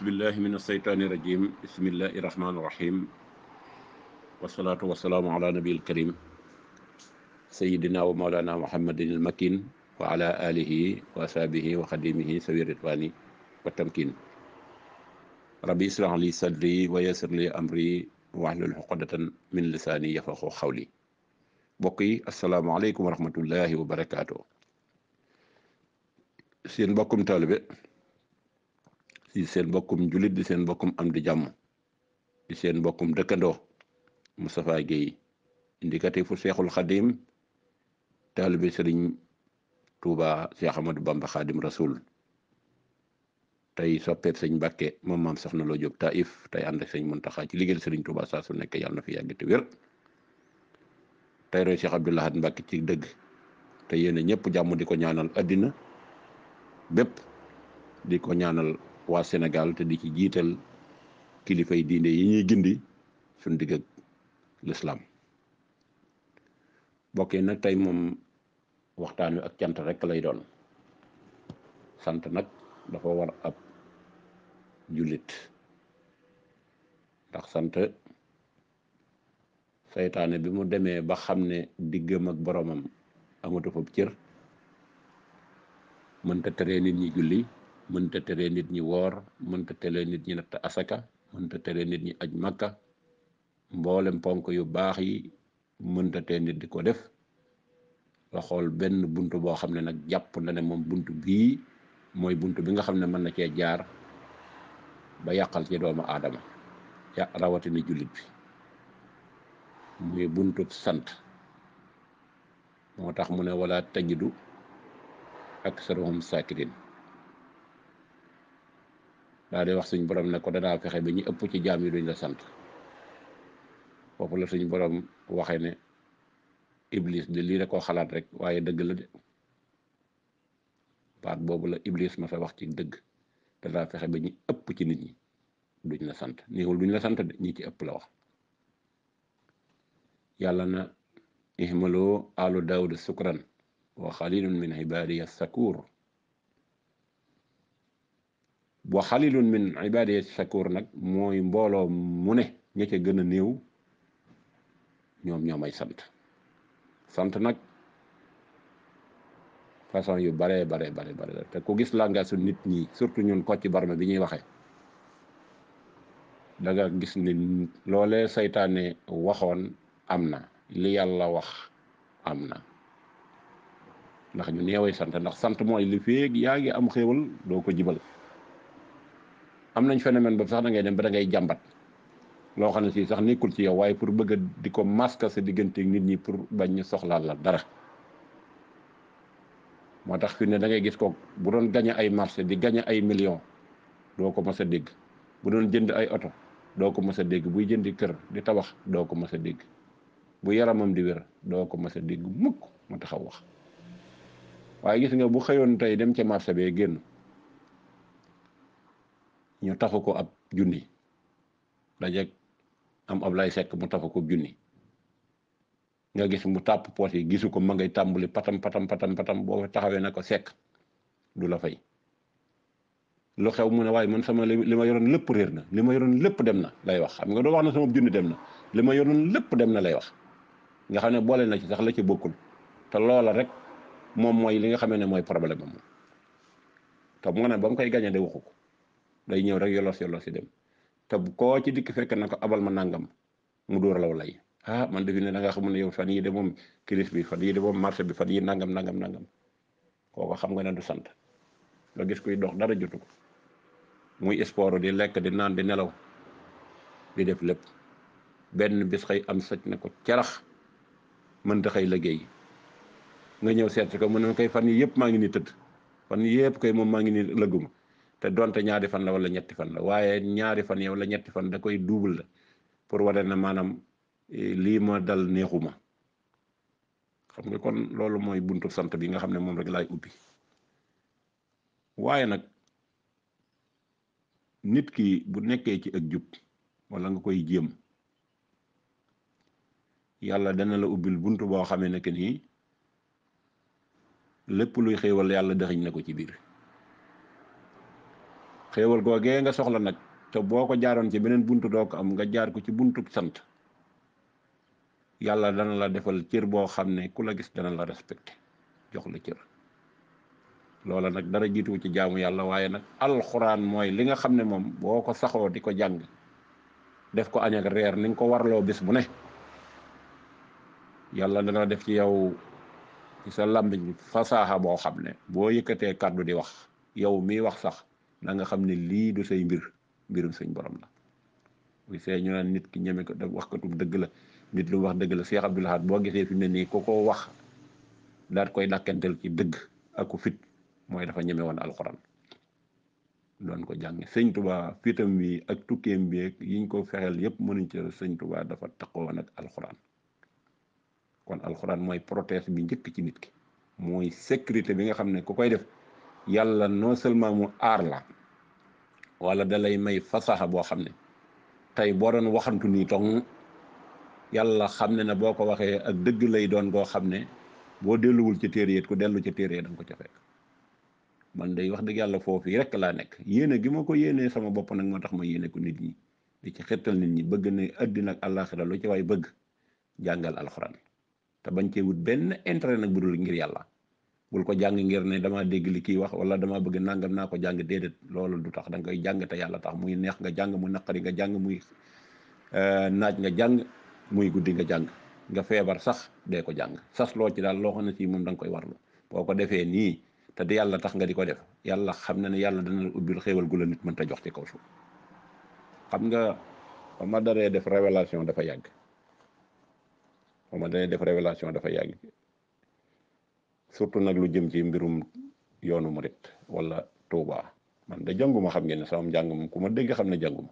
ausubillah min asheytaani irajim bismillahi irahmaaniirahim wasalaatu wasalaamu ala nabiil karim sayidina wa maolana muhammadin al makin wa ala alihi wa asaabihi wa xadimihi sawi ridwani wa tamkin rabbi israh li sadri wa yassir li amri wahlul uqdatan min lisaani yafqahu qawli mbokk yi asalaamaaleykum wa rahmatullahi wa barakaatu seen mbokkum taalibe si seen mbokkum julit di seen mbokkum am di jàmm di seen mbokkum dëkkandoo Moustapha Guèye indicatif Seexul Xadim taalibe sëriñ Touba Cheikh Ahmadou Bamba Xadim Rasoul tey soppeeb sëñ Mbàkke moom maam Soxna Lo Jóob Taif tey ànd ak sëñ Muntaxa ci liggéeyal sëriñ Touba saa su nekk yàlla na fi yàgg te wér tey roy Cheikh ci dëgg te yéen ñëpp jàmm di ko ñaanal àddina bépp di ko ñaanal. waa Sénégal te di ci jiital kilifay diine yi ñuy gindi suñ digg lislaam bokk nag tey moom waxtaan wi ak cant rek lay doon sant nag dafa war ab jullit ndax sant seytaane bi mu demee ba xam ne diggam ak boromam amatu fab cër mënta tere nit ñi julli mën mënta tere nit ñi woor mën mënta tere nit ñi natt asaka mënta tere nit ñi aj makka mboolem ponk yu baax yi mënta tere nit di ko def nga xool benn bunt boo xam ne nag jàpp na ne moom bunt bii mooy bunt bi nga xam ne mën na cee jaar ba yàqal ci doomu aadama ya rawatina julit bi muy sant moo tax mu ne wala tajidu aksarahum sakirin daal wax suñ borom ne ko danaa fexe ba ñu ëpp ci jaam yi duñ la sant foofu la suñ borom waxee ne iblis de lii da koo xalaat rek waaye dëgg la de baat boobu la iblis ma sa wax ci dëgg danaa fexe ba ñu ëpp ci nit ñi duñ la sant néewul duñ la sant de ñi ci ëpp la wax yàlla na ihmaloo alu yi sukran wa xalilun min ibadiya sakur boo wa xalilun min ibadihi shakur nag mooy mbooloo mu ne ña ca gën a néew ñoom ñoo may sant sant nag façon yu bare bare bare bare te ku gis langage su nit ñi surtout ñun Kocc Barma bi ñuy waxee da gis ni loolee saytaane waxoon am na li yàlla wax am na ndax ñu neeway sant ndax sant mooy li feeg yaa ngi am xéewal doo ko jibal am nañ phénomène boobu sax da ngay dem ba da ngay jàmbat loo xam ne si sax nekkul ci yow waaye pour bëgg di ko masque sa diggante nit ñi pour bañ ñu soxlaal la dara moo tax fi ne dangay gis ko bu doon gañe ay marché di gañe ay millions doo ko mës a dégg bu doon jënd ay oto doo ko mës a dégg buy jëndi kër di tabax doo ko mës a dégg bu yaramam di wér doo ko mës a dégg mukk ma taxaw wax waaye gis nga bu xëyoon tey dem ca marché bee génn ñu taxu ko ab junni dajeeg am ab lay sekk mu taxu ko junni nga gis mu tàpp poos yi gisu ko ma ngay tàmbali patam patam patam patam boo taxawee na ko sekk du la fay lu xew mu ne waaye man sama li ma yoroon lépp réer na li ma yoroon lépp dem na lay wax xam nga doo wax na sama junni dem na li ma yoroon lépp dem na lay wax nga xam ne boole na ci sax la ci bokkul te loola rek moom mooy li nga xamee ne mooy problème am moom te mu ne ba koy gañe de waxu ko day ñëw rek yolos yolos yi dem te koo ci dikk fekk na ko abal ma nangam mu dóor law lay ah man defi ne danga nga xamul ne yow fan yii de moom kiris bi fan yii de moom marché bi fan yii nangam nangam nangam kooko xam nga na du sant nga gis koy dox dara jotu ko muy sport de lekk di naan di nelaw di def lépp benn bis xay am sëcc na ko man te xëy liggéey nga ñëw seet si ko mu ne koy fan yii yëpp maa ngi nii tëdd fan yii yëpp moom maa ngi nii lëgguma te donte ñaari fan la wala ñetti fan la waaye ñaari fan yow la ñetti fan da koy double la pour wane na maanaam eh, lii ma dal ma xam nga kon loolu mooy buntu sant bi nga xam ne moom rek laay ubbi waaye nag nit ki bu nekkee ci ak jub wala nga koy jéem yàlla dana la ubbil bunt boo xamee ne que nii lépp luy xéewal yàlla dëxiñ na ko ci biir xéewal googee nga soxla nag te boo ko jaaroon ci beneen buntu doo ko am nga jaar ko ci buntu sant yàlla dana la defal cir boo xam ne ku la gis dana la respecté jox la cër loola nag dara jiitu ci jaamu yàlla waaye nag alxuraan mooy li nga xam ne moom boo ko saxoo di ko jàng def ko añ reer ni ko warloo bis bu ne yàlla dana def ci yow ci sa làmmiñ fasaaxa boo xam ne boo yëkkatee kàddu di wax yow miy wax sax da nga xam ne lii du say mbir mbirum sëñ borom la bu see ñu nit ki ñeme ko wax katum dëgg la nit lu wax dëgg la Cheikh Abdoul Ahad boo gisee fi mu ne nii ku ko wax daal koy dàkkantal ci dëgg ak fit mooy dafa ñeme woon alxuraan doon ko jàng sëñ Tuba fitam bi ak tukkeem bi ak yiñ ko fexeel yëpp mënuñ ci sëñ Tuba dafa taxawoon ak alxuraan kon alxuraan mooy prothèse bi njëkk ci nit ki mooy sécurité bi nga xam ne ku koy def. yàlla noo seulement mu aar la wala da lay may fasaxa boo xam ne tey boo doon waxantu nii toŋ yàlla xam ne ne boo ko waxee ak dëgg lay doon koo xam ne boo delluwul ci téere yi ku dellu ci téere yi danga ko ca fekk man day wax dëgg yàlla foofu rek laa nekk yéene gi ma ko yéenee sama bopp nag moo tax ma yéene ko nit ñi di ci xettal nit ñi bëgg ne àddina ak àllaaxira lu ci waay bëgg jàngal alxuraan te bañ cee wut benn intérêt nag bu dul ngir yàlla bul ko jàng ngir ne damaa dégg li kii wax wala damaa bëgg nangam naa ko jàng déedéet loolu du tax danga koy jàng te yàlla tax muy neex nga jàng mu naqari nga jàng muy euh, naaj nga jàng muy guddi nga jàng nga feebar sax dee ko jàng sas loo ci daal loo xam ne si moom da nga koy warlu boo ko defee nii te di yàlla tax nga di ko def yàlla xam na ne yàlla dana ubbil xéewal gu la nit mën ta jox ci kaw suuf xam nga ba ma daree def révélation dafa yàgg ba ma daree def révélation dafa yàgg surtout nag lu jëm ci mbirum yoonu murit walla Touba man da jànguma xam ngeen ne sama njàng moom ku ma dégg xam ne jànguma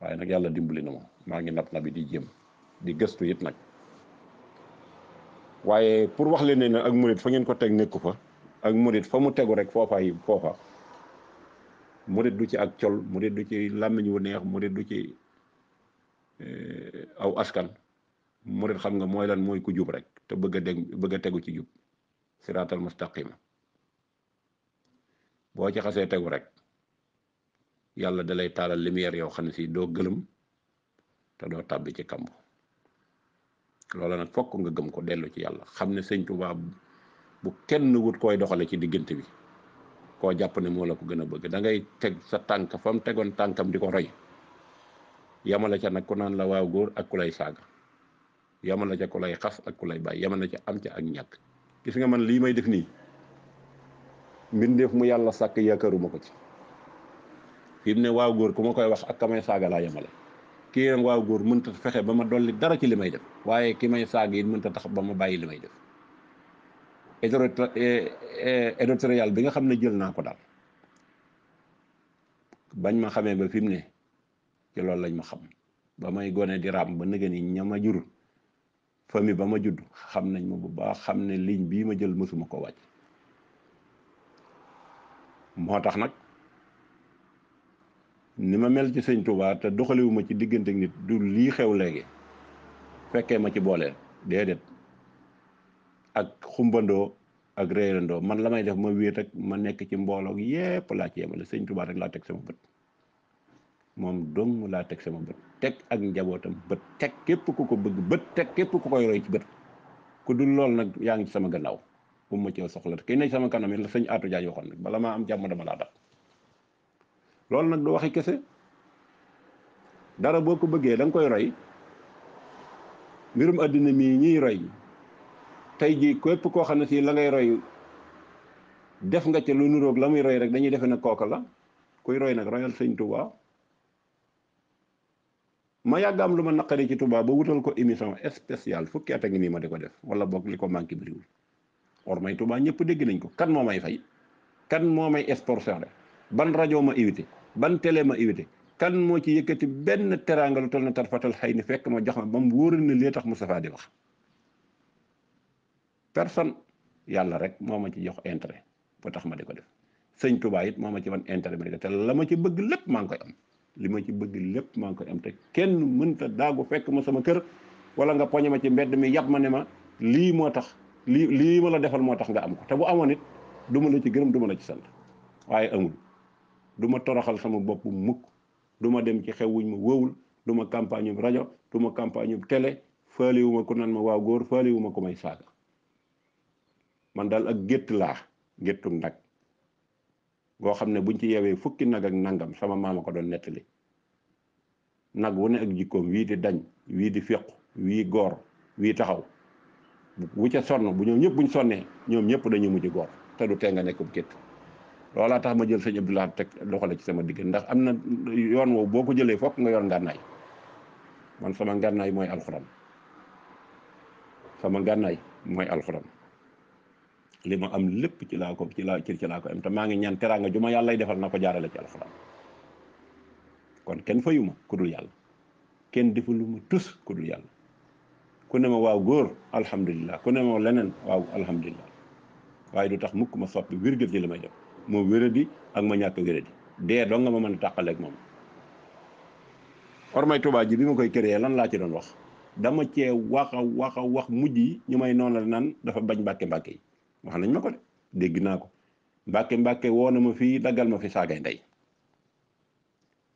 waaye nag yàlla dimbali na maa ngi nab nabi di jëm di gëstu it nag waaye pour wax leen ne ak murit fa ngeen ko teg nekku fa ak murit fa mu tegu rek foofa yi foofa murit du ci ak col murit du ci làmmiñ wu neex murit du ci eh, aw askan murit xam nga mooy lan mooy ku jub rek te bëgg tegu ci jub siraatal mustaqima boo ci xasee tegu rek yàlla da lay taalal lumière yow xam ne si doo gëlëm te doo tàbbi ci kamb loola nag fokk nga gëm ko dellu ci yàlla xam ne sëñ Tuubaa bu kenn wut koy doxale ci diggante bi koo jàpp ne moo la ko gën a bëgg dangay teg sa tànk fa mu tegoon tànkam di ko roy yamala ca nag ku naan la waaw góor ak ku lay saaga yamala ca ku lay xas ak ku lay bàyyi yamala ca am ca ak ñàkk gis nga man lii may def nii mbindeef mu yàlla sàkk yaakaaruma ko ci fi ne waaw góor ku ma koy wax ak ka saaga laa yemale kii nag waaw góor mënta fexe ba ma dolli dara ci li may def waaye ki may saag yi mënta tax ba ma bàyyi li may def éditorial bi nga xam ne jël naa ko daal bañ ma xamee ba fi mu ne ci loolu lañ ma xam ba may gone di raam ba nëgën yi ñama jurul famille ba ma judd xam nañ ma bu baax xam ne ligne bii ma jël mësuma ko wàcc moo tax nag ni ma mel ci sëñ Touba te doxaliwuma ci diggante nit du lii xew léegi fekkee ma ci booleel déedéet ak xumbandoo ak réerandoo man la may def ma wéet ak ma nekk ci mbooloo yépp laa ci yemale sëñ Touba rek laa teg sama bët moom dong laa teg sama bët teg ak njabootam bët teg képp ku ko bëgg bët teg képp ku koy roy ci bët ku dul loolu nag yaa ngi ci sama gannaaw bu ma cee soxla kii nekk sama kanam yi la sëñ Atou Diagne waxoon nag bala maa am jàmm dama laa dab loolu nag du waxi kese dara boo ko bëggee danga koy roy mbirum àddina mii ñiy roy tey jii képp koo xam ne si la ngay roy def nga ca lu nuroog la muy roy rek dañuy defe ne kooka la kuy roy nag royal sëñ Touba. ma yàgg am lu ma naqari ci Touba ba wutal ko émission spéciale fukki at a ngi nii ma di ko def wala boog li ko manqué bëriwul or may Touba ñëpp dégg nañ ko kan moo may fay kan moo may sponsoré ban rajo ma invité ban telee ma invité kan moo ci yëkkati benn teraanga lu toll na tarfatal xay ni fekk ma jox ma ba mu wóoral ne lee tax Moustapha di wax personne yàlla rek moo ma ci jox intérêt ba tax ma di ko def sëñ Touba it moom ma ci wan intérêt ma di la ma ci bëgg lépp maa ngi koy am. li ma ci bëgg lépp maa ngi koy am te kenn mënta daagu fekk ma sama kër wala nga poñe ma ci mbedd mi yàpp ma ne ma lii moo tax lii lii ma la defal moo tax nga am ko te bu amoon it du ma la ci gërëm du ma la ci sant waaye amul duma toroxal sama bopp mukk duma dem ci xew wuñ ma wowul du ma campagne bu rajo du ma campagne bu télé faaliwuma ku naan ma waaw góor faaliwuma ko may saaga man daal ak gët laa gëtum nag boo xam ne buñ ci yeewee fukki nag ak nangam sama maama ko doon nettali nag wu ne ak jikkoom wii di dañ wii di féqu wii goor wii taxaw wu ca sonn bu ñoom ñëpp buñ sonnee ñoom ñëpp dañu mujj goor te du tee nga nekkub gétt loolaa tax ma jël sëñ Abdoulaye teg doxale ci sama digg ndax am na yoon woowu boo ko jëlee fokk nga yoon ngànnaay man sama ngànnaay mooy alxuraan sama ngànnaay mooy alxuraan li ma am lépp ci laa ko ci laa ci am ta maa ngi ñan teraanga ju ma yàllay defal na ko jaarale ci alxuraan kon kenn fayuma ku dul yàlla kenn defaluma tus ku dul yàlla ku ne ma waaw góor alhamdulilah ku ne ma leneen waaw alhamdulilah waaye du tax mukk ma soppi wirgël ci li may def moo wéradi ak ma ñàkk wéradi dee doo ma mën a tàqaleeg moom ormay Tuubaa ji bi ma koy créé lan laa ci doon wax dama cee wax a wax a yi ñu may noonal naan dafa bañ mbàkke mbàkke yi wax nañ ma ko de dégg naa ko mbàkke mbàkke woo na fii daggal ma fi saagay nday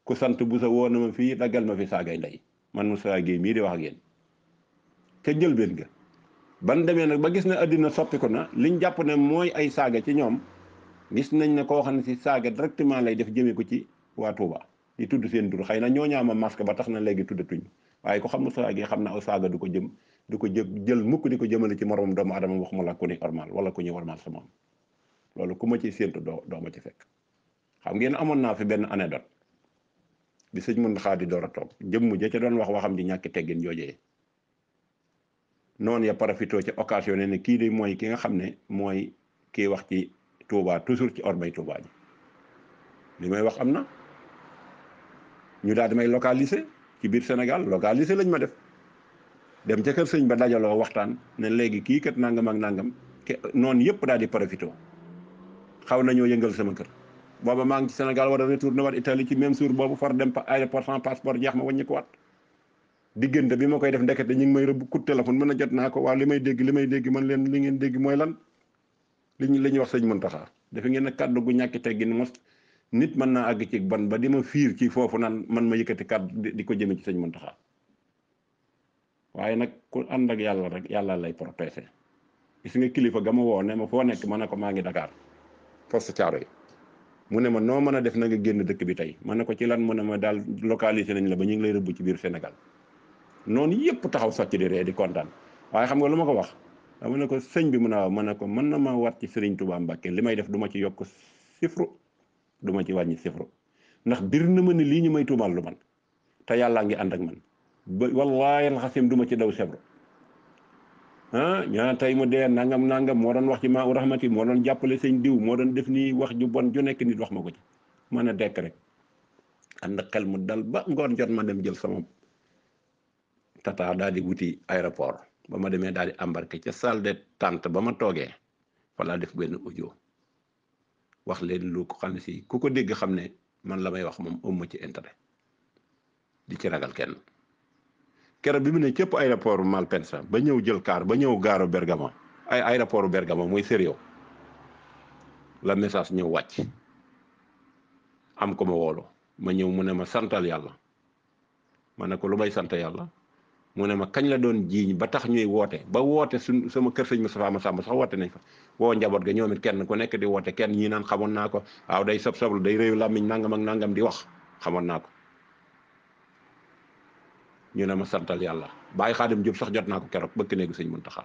ku sant bu sa woo na ma fii daggal ma fi saagay ndey man Moustapha Guèye mii di wax ak yéen ca njëlbeen ga ban demee nag ba gis na àddina soppiku na liñ jàpp ne mooy ay saaga ci ñoom gis nañ ne koo xam ne si saaga directement lay def jëmee ko ci waa Touba di tudd seen tur xay na ñoo ñaama masque ba tax na léegi tuddatuñ waaye ko xam Moustapha Guèye xam na aw saaga du ko jëm du ko jë jël mukk di ko jëmale ci moroom doomu adama waxuma la ku ni ormal wala ku ñuy ormal sa moom loolu ku ma ci séentu doo doo ma ci fekk xam ngeen amoon naa fi benn anecdote bi sëñ Muntaxa di door a toog jëmm ja ca doon wax waxam ji ñàkk teggin joojee noonu ya profité ca occasion ne ne kii de mooy ki nga xam ne mooy kii wax ci Touba toujours ci ormay Touba ji li may wax am na ñu daal may localiser ci biir Sénégal localiser lañ ma def dem ca kër sëñ ba dajaloo waxtaan ne léegi kii kat nangam ak nangam ke noonu yëpp daal di profité xaw nañoo yëngal sama kër booba maa ngi war a retourné waat Italie ci même jour boobu far dem aéroport sans passeport jeex ma wàññi ko waat diggante bi ma koy def ndekete ñu may rëbb coup téléphone mën a jot naa ko waaw li may dégg li may dégg man leen li ngeen dégg mooy lan li ñu ñuy wax sëñ Muntaxa dafa ngeen a kàddu gu ñàkk teggin mos nit mën naa agg ci ban ba di ma fiir ci foofu nan man ma yëkkati kàddu di ko jëme ci sëñ Muntaxa waaye nag ku ànd ak yàlla rek yàlla lay protéger gis nga kilifa ga ma woo ne ma foo nekk ma ne ko maa ngi Dakar poste caaro mu ne ma noo mën a def na génn dëkk bi tey ma ne ko ci lan mu ne ma daal localisé nañ la ba ñu ngi lay rëbb biir Sénégal noonu yëpp taxaw socc di ree di kontaan waaye xam nga lu ma ko wax ma ne ko sëñ bi mu ne waaw ma ne ko mën na ma war ci Serigne Touba Mbacke li may def duma ci yokk sifru duma ci wàññi sifru ndax bir na ma ni lii ñu may tuumaal lu man te yàllaa ngi ànd ak ba wallaahi alxasim du ma ci daw sebro ah ñaa moo mu dee nangam nangam moo doon wax ci maa u rahmati moo doon jàppale sëñ diw moo doon def nii wax ju bon ju nekk nit wax ma ko ci mën a dekk rek ànd xel mu dal ba ngoon jot ma dem jël sama tata daal di wuti aéroport ba ma demee daal di ambarke ca salle de tente ba ma toogee wala def benn audio wax leen lu ko xam si ku ko dégg xam ne man la may wax moom ëmma ci intérêt di ci ragal kenn keroog bi mu ne cëpp aéroport Malpensa ba ñëw jël kaar ba ñëw gaaru Bergamo ay aéroport Bergamo mooy sérieux la message ñëw wàcc am ko ma woolu ma ñëw mu ne ma santal yàlla ma ne ko lu may sant yàlla mu ne ma kañ la doon jiiñ ba tax ñuy woote ba woote suñ sama kër sëñ Moustapha Massamba sax woote nañ fa woo njaboot ga ñoom it kenn ku nekk di woote kenn ñi naan xamoon naa ko waaw day sab soblu day réew làmmiñ nangam ak nangam di wax xamoon naa ko ñu ne ma santal yàlla bàyyi xaadim Diop sax jot naa ko keroog bëkk néegu sëñ Muntaxa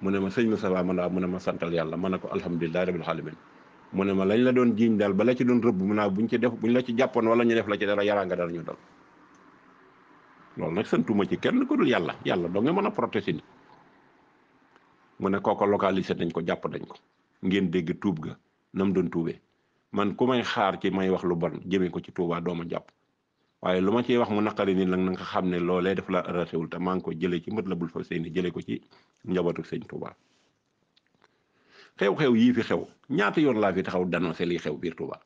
mu ne ma sëñ ma Moustapha man waaw mu ne ma santal yàlla ma ne ko alhamdulilah rabil alamin mu ne ma lañ la doon jiiñ daal ba la ci doon rëbb mu naa ah, buñ ci def buñ la ci jàppoon wala ñu def la ci dara yaraa nga dara ñu dal loolu santuma ci kenn ku dul yàlla yàlla doo nga mën a protéger mu ne kooko localisé nañ ko jàpp dañ ko ngeen dégg tuub ga nam doon tuubee man ku may xaar ci may wax lu bon jëmee ko ci tuubaa dooma jàpp waaye lu ma ciy wax mu naqari nii nag na xam ne loolee daf la ratewul te maa ngi ko jëlee ci Matlabul Fawzayni jëlee ko ci njabootu sëñ Touba xew-xew yii fi xew ñaata yoon laa fi taxaw dénoncé liy xew biir Touba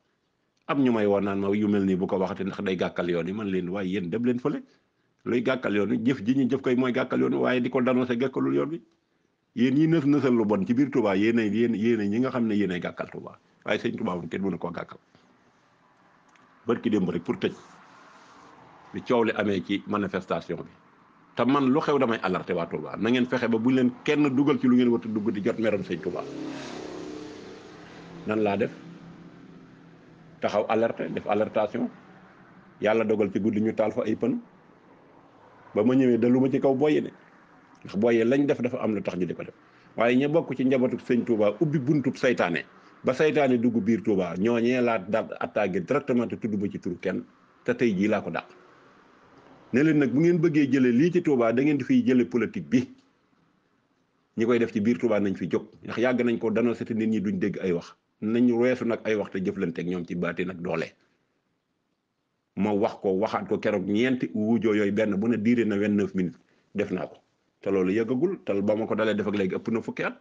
am ñu may woon naan ma yu mel nii bu ko waxatee ndax day gàkkal yoon yi man leen waaye yéen dem leen fële luy gàkkal yoon jëf ji ñu jëf koy mooy gàkkal yoon waaye di ko dénoncé gàkkalul yoon bi yéen ñi nës nësal lu bon ci biir Touba yéenay yéen yéenay ñi xam ne yéenay gàkkal waaye sëñ Touba moom kenn mënu koo gàkkal barki démb rek pour tëj bi coow li amee ci manifestation bi te man lu xew damay alerté waa Touba na ngeen fexe ba buñ leen kenn dugal ci lu ngeen watu dugg di jot meram sëñ Touba nan laa def taxaw alerte def alertation yàlla dogal ci guddi ñu taal fa ay pën ba ma ñëwee daluma ci kaw booyee de ndax booyee lañ def dafa am lu tax ñu di ko def waaye ñee bokk ci njabootu sëñ Touba ubbi buntu seytaane ba seytaane dugg biir Touba ñooñee laa da attaqué directement te tudduma ci turu kenn te tey jii ko dàq. ne nag bu ngeen bëggee jëlee lii ci Touba da ngeen di fiy jëlee bi ñi koy def ci biir Touba nañ fi jóg ndax yàgg nañ ko danoo seeti nit ñi duñ dégg ay wax nañ weesu nag ay wax te jëflanteeg ñoom ci baati nag doole. ma wax ko waxaat ko keroog ñeenti wujoo yooyu benn bu ne diire na vingt neuf minutes def naa ko te loolu yëggagul te ba ma ko dalee def ak léegi ëpp na fukki at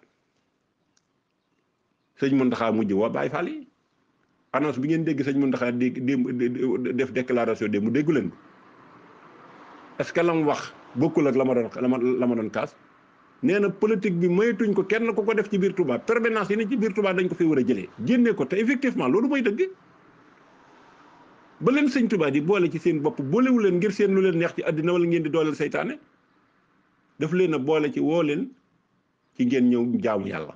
sëñ Mountakha mujj wa baay Fall yi annonce bi ngeen dégg sëñ Mountakha dégg def déclaration démb déggu leen est-ce la mu wax bokkul ak la ma doon la ma doon kaas nee na politique bi maytuñ ko kenn ku ko def ci biir Touba permanence yi ne ci biir Touba dañ ko fi war a jëlee génne ko te effectivement loolu mooy dëgg ba leen sëñ Touba di boole ci seen bopp boolewu leen ngir seen lu leen neex ci àddina wala ngeen di dooleel seytaane daf leen a boole ci woo leen ci ngeen ñëw jaamu yàlla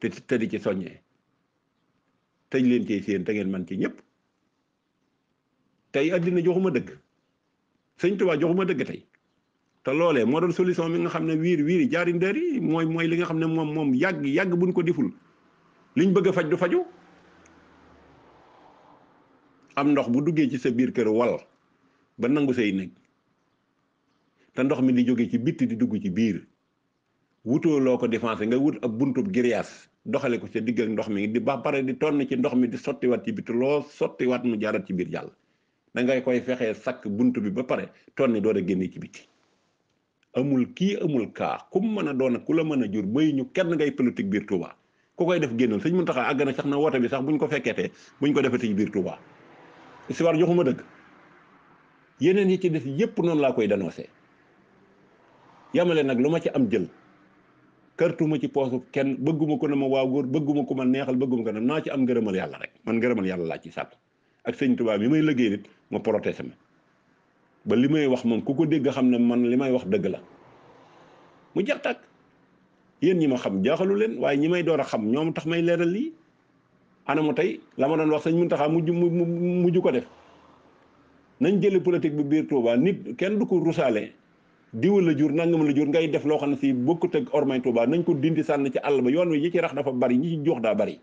te te di ci soññee tëj leen ci seen te ngeen man ci ñëpp tey àddina joxuma dëgg sëñ Tuubaa joxuma dëgg tey te loolee moo doon solution mi nga xam ne wiir wiiri jaari ndër mooy mooy li nga xam ne moom moom yàgg yàgg buñ ko diful liñ bëgg a faj du faju am ndox bu duggee ci sa biir kër wal ba nangu say néeg te ndox mi di jóge ci bitti di dugg ci biir wutoo loo ko défensé nga wut ab buntub grillage doxale ko sa digg ak ndox mi di ba pare di tonn ci ndox mi di sottiwaat ci bitti loo sottiwaat mu jaarat ci biir jàll da ngay koy fexee sakk bunt bi ba pare ton tonni door a génne ci biti amul kii amul kaa ku mu mën a doon ku la mën a jur bay ñu kenn ngay politique biir Touba ku koy def génnal sëñ Muntaxa àgg na sax na woote bi sax bu ñu ko fekketee buñ ko defati ci biir Touba si war joxuma dëgg yeneen yi ci def yépp noonu laa koy dénoncé yamale nag lu ma ci am jël kërtuma ci poosu kenn bëgguma ko na ma waa góor bëgguma ko ma neexal bëgguma ko ne naa ci am ngërëmal yàlla rek man ngërëmal yàlla laa ci sàkk ak sëñ Tuubaa bi may liggéey nit ma protéger ma ba li may wax moom ku ko dégg xam ne man li may wax dëgg la mu jeex takk yéen ñi ma xam jaaxalu leen waaye ñi may door a xam ñoom tax may leeral lii mu tey la ma doon wax sëñ Muntaxa mujj mujj ko def nañ jële politique bi biir Touba nit kenn du ko rusaale diwa la jur nangam la jur ngay def loo xam ne si bokkut ak ormay Touba nañ ko dindi sànn ci àll ba yoon wi ñi ci rax dafa bari ñi ci jox daa bari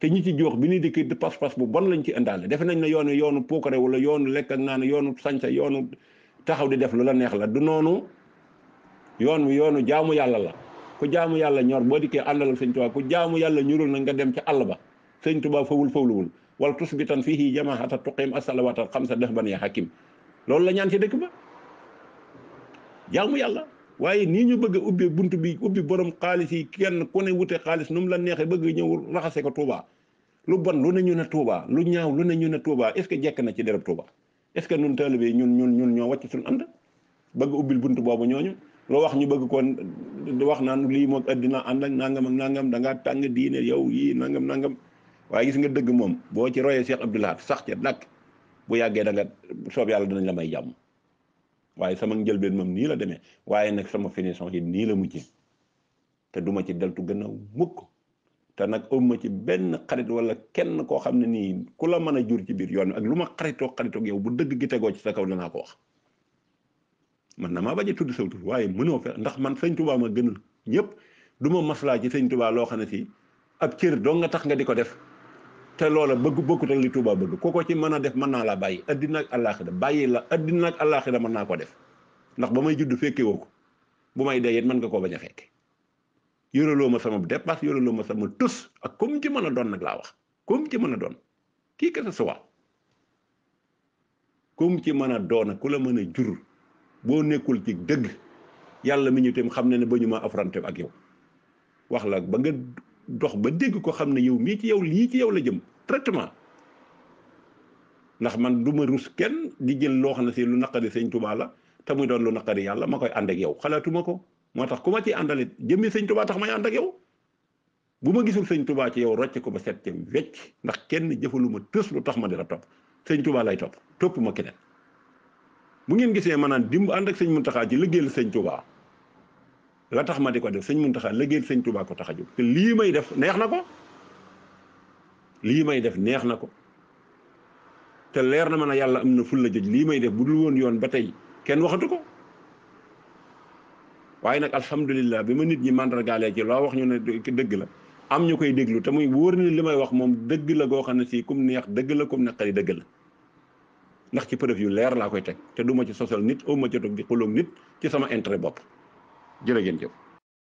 te ñi ci joox bi ñuy dikk di pas-pas bu bon lañ ci indaale defe nañ ne yoonu yoonu puukare wala yoonu lekk ak naan yoonu sanca yoonu taxaw di def lu la neex la du noonu yoon wi yoonu jaamu yàlla la ku jaamu yàlla ñor boo dikkee àndalal sëñ Tuubaa ku jaamu yàlla ñorul na nga dem ca àll ba sëñ Tuubaa fawul fawluwul wal tusbitan fihi jamaahata tuqim asalawatal xam sa dex ban ya hakim loolu la ñaan ci dëkk ba jaamu yàlla waaye nii ñu bëgg a ubbee bunt bi ubbi borom xaalis yi kenn ku ne wute xaalis nu mu la neexee bëgg ñëw raxase ko Touba lu bon lu ne ñu ne Touba lu ñaaw lu ne ñu ne Touba est-ce que jekk na ci dereb Touba est-ce que ñun taalibe ñun ñun ñun ñoo wacc suñu ànd bëgg ubbil bunt boobu ñooñu loo wax ñu bëgg kon wax naan lii moog àddina ànd ak nangam ak nangam da ngaa tàng diine yow yii nangam nangam waaye gis nga dëgg moom boo ci royee Cheikh Abdoul Ahad sax ca nag bu yàggee da nga soob yàlla danañ la may jàmm waaye sama njëlbeen moom nii la demee waaye nag sama finition yi nii la mu ci te duma ci deltu gën a mukk te nag ma ci benn xarit wala kenn koo xam ne nii ku la mën a jur ci biir yoon ak lu ma xaritoo xaritoog yow bu dëgg gi tegoo ci sa kaw danaa ko wax man na maa bañ tudd saw waaye mënoo fe ndax man sëñ tubaa ma gënal ñëpp du ma maslaa ci sëñ tubaa loo xam ne si ab cër doo nga tax nga di ko def te loola bëgg bokkut ak li Touba bëgg kooko ci mën a def mën naa laa bàyyi addina ak àllaaxira bàyyi la addina ak àllaaxira mën naa ko def ndax ba may judd fekke woo ko bu may dee it nga koo a fekke yoreloo ma sama dépasse yoreloo ma sama tus ak comme ci mën a doon nag laa wax comme ci mën a doon kii que ce soit ci mën a doon ku la mën a jur boo nekkul ci dëgg yàlla mi ñu tam xam ne ne ba ñu ma affronté ak yow wax la ba nga dox ba dégg ko xam ne yow mii ci yow lii ci yow la jëm traitement ndax man du ma rus kenn di jël loo xam ne si lu naqari sëñ tubaa la te muy doon lu yàlla ma koy ànd xalaatuma ko moo tax ku ma ci àndalit jëmmi sëñ tubaa tax may ànd yow bu ma gisul sëñ ci yow rocc ko ba set ci ndax kenn jëfaluma tës lu tax ma di la sëñ tubaa lay topp topp bu ngeen gisee maanaam dimb ànd sëñ muntaxaa ci liggéeyal sëñ tubaa la tax ma di ko def sëñ muntaxaa liggéeyal sëñ tubaa ko tax jóg te lii may def neex na ko lii may def neex na ko te leer na ma ne yàlla am na ful la jëj lii may def bu dul woon yoon ba tey kenn waxatu ko waaye nag alhamdulilah bi ma nit ñi màndargaalee ci loo wax ñu ne dëgg la am ñu koy déglu te muy wóor ni li may wax moom dëgg la goo xam ne si kum neex dëgg la kum naqari dëgg la ndax ci preuve yu leer laa koy teg te du ma ci sosal nit au ma ci toog di xuloog nit ci sama intérêt bopp jërë ngeen